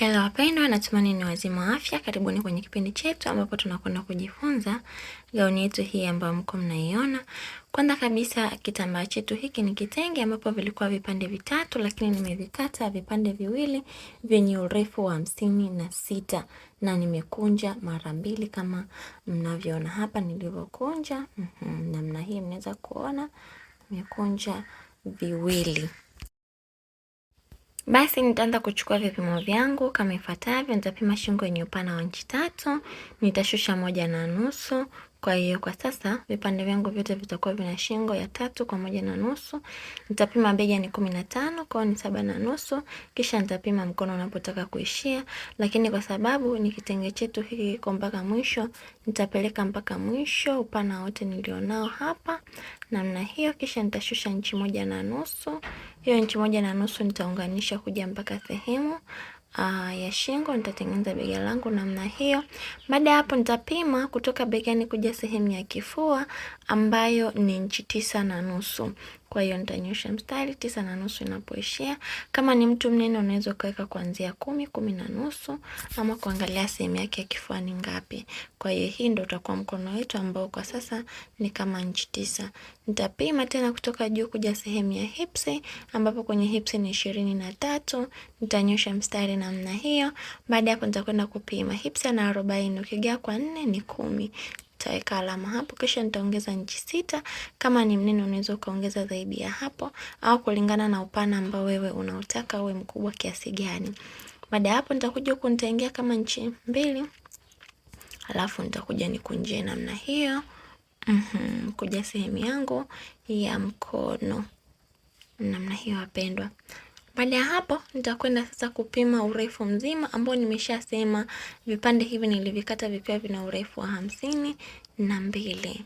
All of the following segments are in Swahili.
Hello wapendwa, natumani ni wazima afya. Karibuni kwenye kipindi chetu ambapo tunakwenda kujifunza gauni yetu hii ambayo mko mnaiona. Kwanza kabisa kitambaa chetu hiki ni kitenge, ambapo vilikuwa vipande vitatu, lakini nimevikata vipande viwili vyenye urefu wa hamsini na sita na nimekunja mara mbili kama mnavyoona hapa nilivyokunja Mm namna hii, mnaweza kuona nimekunja viwili. Basi nitaanza kuchukua vipimo vyangu kama ifuatavyo. Nitapima shingo yenye upana wa inchi tatu, nitashusha moja na nusu kwa hiyo kwa sasa vipande vyangu vyote vitakuwa vina shingo ya tatu kwa moja na nusu. Nitapima bega ni kumi na tano, kwao ni saba na nusu, kisha nitapima mkono unapotaka kuishia, lakini kwa sababu ni kitenge chetu hiki kiko mpaka mwisho, nitapeleka mpaka mwisho upana wote nilionao hapa namna hiyo, kisha nitashusha nchi moja na nusu. Hiyo nchi moja na nusu nitaunganisha kuja mpaka sehemu uh, ya shingo. Nitatengeneza bega langu namna hiyo. Baada ya hapo, nitapima kutoka begani kuja sehemu ya kifua ambayo ni inchi tisa na nusu. Kwa hiyo nitanyosha mstari tisa na nusu inapoishia. Kama ni mtu mnene, unaweza ukaweka kuanzia kumi, kumi na nusu, ama kuangalia sehemu yake ya kifua ni ngapi. Kwa hiyo hii ndio utakuwa mkono wetu ambao kwa sasa ni kama inchi tisa. Nitapima tena kutoka juu kuja sehemu ya hipsi, ambapo kwenye hipsi ni ishirini na tatu. Nitanyosha mstari namna hiyo. Baada ya hapo, nitakwenda kupima hipsi na arobaini, ukigea kwa nne ni kumi utaweka alama hapo, kisha nitaongeza nchi sita. Kama ni mnene, unaweza ukaongeza zaidi ya hapo, au kulingana na upana ambao wewe unaotaka uwe mkubwa kiasi gani. Baada ya hapo, nitakuja huku nitaingia kama nchi mbili, alafu nitakuja nikunjie namna hiyo. Mm-hmm. Kuja sehemu yangu ya mkono namna hiyo wapendwa. Baada ya hapo nitakwenda sasa kupima urefu mzima ambao nimeshasema vipande hivi nilivikata vikiwa vina urefu wa hamsini na mbili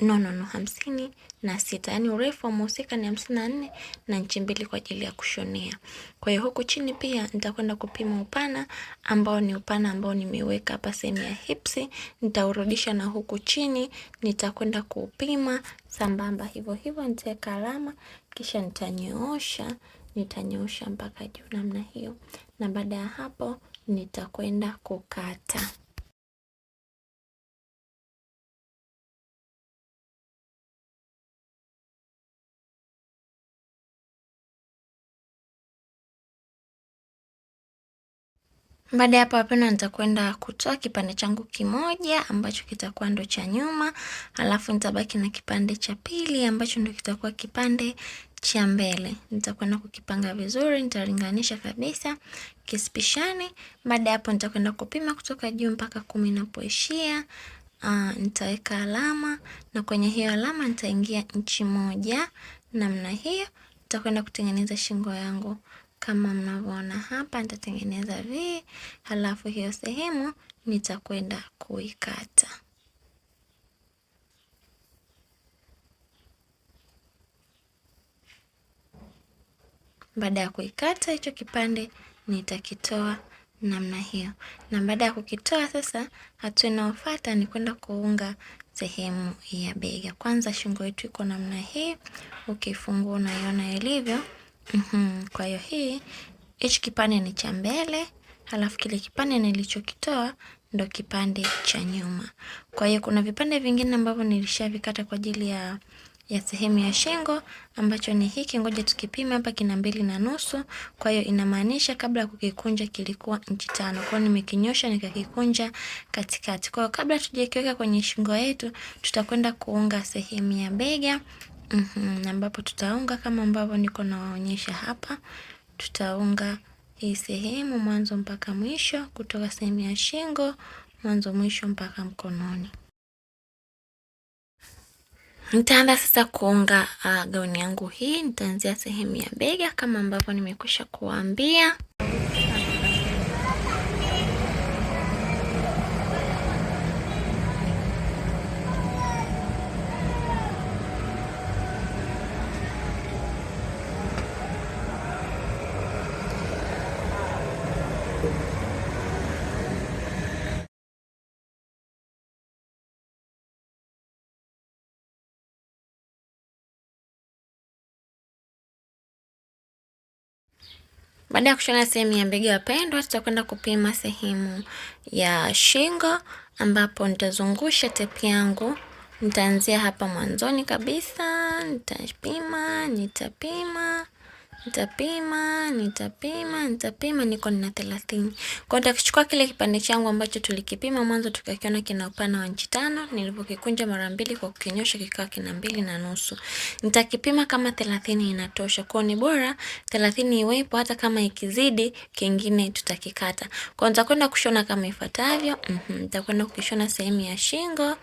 no, no, no, hamsini na sita yaani urefu wa mhusika ni hamsini na nne na nchi mbili kwa ajili ya kushonea. Kwa hiyo huku chini pia nitakwenda kupima upana ambao ni upana ambao nimeweka hapa sehemu ya hipsi, nitaurudisha na huku chini nitakwenda kuupima sambamba hivyo hivyo, nitaweka alama kisha nitanyoosha nitanyosha mpaka juu namna hiyo, na baada ya hapo nitakwenda kukata. Baada ya hapo wapendwa, nitakwenda kutoa kipande changu kimoja ambacho kitakuwa ndo cha nyuma, alafu nitabaki na kipande cha pili ambacho ndo kitakuwa kipande cha mbele. Nitakwenda kukipanga vizuri, nitalinganisha kabisa kispishani. Baada hapo, nitakwenda kupima kutoka juu mpaka kumi inapoishia. Uh, nitaweka alama na kwenye hiyo alama nitaingia nchi moja. Namna hiyo nitakwenda kutengeneza shingo yangu kama mnavyoona hapa, nitatengeneza V, halafu hiyo sehemu nitakwenda kuikata. Baada ya kuikata hicho kipande, nitakitoa namna hiyo. Na baada ya kukitoa sasa, hatua inayofuata ni kwenda kuunga sehemu ya bega. Kwanza shingo yetu iko namna hii, ukifungua unaiona ilivyo. Mhm. Kwa hiyo hii hichi kipande ni cha mbele, halafu kile kipande nilichokitoa ndo kipande cha nyuma. Kwa hiyo kuna vipande vingine ambavyo nilishavikata kwa ajili ya ya sehemu ya shingo ambacho ni hiki, ngoja tukipima hapa, kina mbili na nusu. Kwa hiyo inamaanisha kabla ya kukikunja kilikuwa inchi tano, kwa hiyo nimekinyosha nikakikunja katikati. Kwa hiyo kabla tujakiweka kwenye shingo yetu, tutakwenda kuunga sehemu ya bega mm -hmm, ambapo tutaunga kama ambavyo niko nawaonyesha hapa, tutaunga hii sehemu mwanzo mpaka mwisho, kutoka sehemu ya shingo mwanzo mwisho mpaka mkononi. Nitaanza sasa kuunga uh, ah, gauni yangu hii. Nitaanzia sehemu ya bega kama ambavyo nimekwisha kuwaambia. Baada ya kushona sehemu ya bega wapendwa, tutakwenda kupima sehemu ya shingo, ambapo nitazungusha tepi yangu. Nitaanzia hapa mwanzoni kabisa, nitapima nitapima Nitapima, nitapima, nitapima, niko na thelathini. Kwa nitakichukua kile kipande changu ambacho tulikipima mwanzo tukakiona kina upana wa inchi tano, nilipokikunja mara mbili kwa kukinyosha kikawa kina mbili na nusu. Nitakipima kama thelathini inatosha. Kwa ni bora thelathini iwepo hata kama ikizidi kingine tutakikata. Kwa nitakwenda kushona kama ifuatavyo. Mhm, nitakwenda kukishona sehemu ya shingo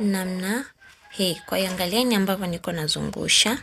namna hii. Kwa hiyo angalieni ambavyo niko nazungusha.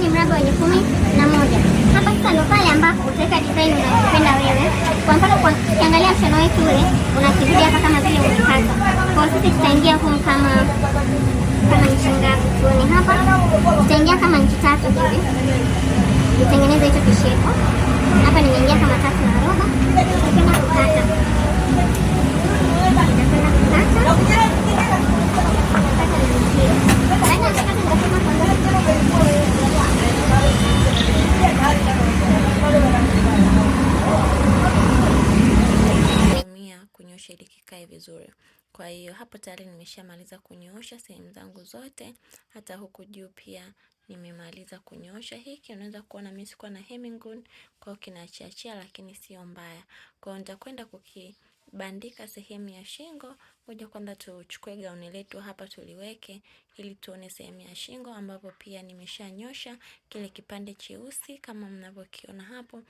ni mraba wenye kumi na moja. Hapa sasa ndo pale ambapo utaweka design unayopenda wewe. Kwa mfano, kwa kiangalia mshono wetu ule unakirudia hapa kama vile umekata. Kwa sisi tutaingia huko kama kama nchi ngapi? Tuone hapa. Tutaingia kama nchi tatu hivi. Tutengeneze hicho kishiko. kunyosha ili kikae vizuri. Kwa hiyo hapo tayari nimeshamaliza kunyosha sehemu zangu zote, hata huku juu pia nimemaliza kunyosha. Hiki unaweza kuona mimi sikuwa na hemming gun, kwa hiyo kinaachiachia lakini sio mbaya. Kwa hiyo nitakwenda kukibandika sehemu ya shingo. moja. kwanza tuchukue gauni letu hapa tuliweke ili tuone sehemu ya shingo ambapo pia nimeshanyosha kile kipande cheusi kama mnavyokiona hapo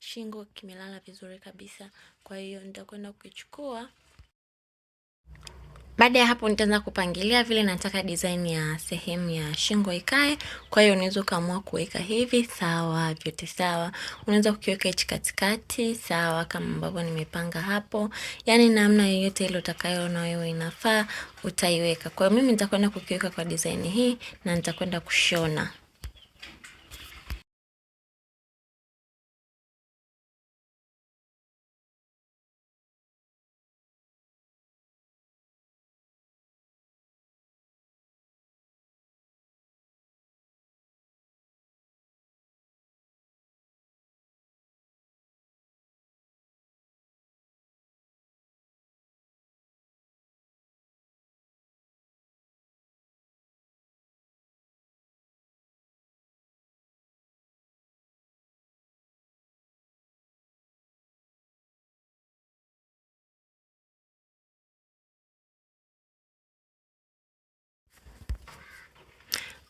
shingo kimelala vizuri kabisa. Kwa hiyo nitakwenda kukichukua. Baada ya hapo nitaanza kupangilia vile nataka design ya sehemu ya shingo ikae. Kwa hiyo unaweza ukaamua kuweka hivi, sawa, vyote sawa. Unaweza kukiweka hichi katikati, sawa, kama ambavyo nimepanga hapo. Yaani namna yoyote ile utakayoona wewe inafaa utaiweka. Kwa hiyo mimi nitakwenda kukiweka kwa design hii na nitakwenda kushona.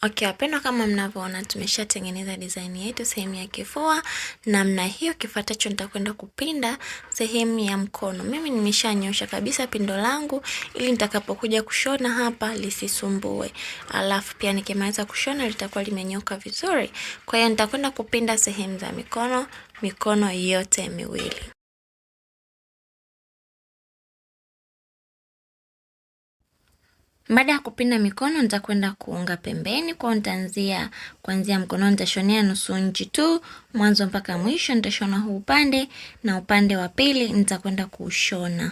Okay, wapendwa, kama mnavyoona tumeshatengeneza design yetu sehemu ya kifua namna hiyo. Kifuatacho nitakwenda kupinda sehemu ya mkono. Mimi nimeshanyosha kabisa pindo langu ili nitakapokuja kushona hapa lisisumbue, alafu pia nikimaliza kushona litakuwa limenyoka vizuri. Kwa hiyo nitakwenda kupinda sehemu za mikono, mikono yote miwili. Baada ya kupinda mikono nitakwenda kuunga pembeni kwao, nitaanzia kuanzia mkono, nitashonea nusu inchi tu mwanzo mpaka mwisho. Nitashona huu upande na upande wa pili nitakwenda kuushona.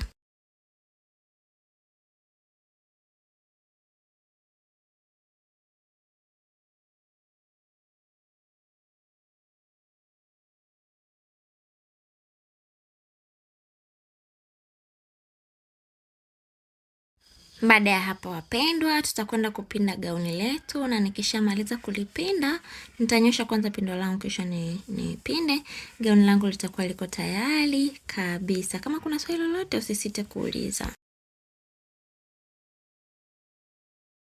Baada ya hapo wapendwa, tutakwenda kupinda gauni letu, na nikishamaliza kulipinda nitanyosha kwanza pindo langu, kisha nipinde ni gauni langu, litakuwa liko tayari kabisa. Kama kuna swali lolote, usisite kuuliza.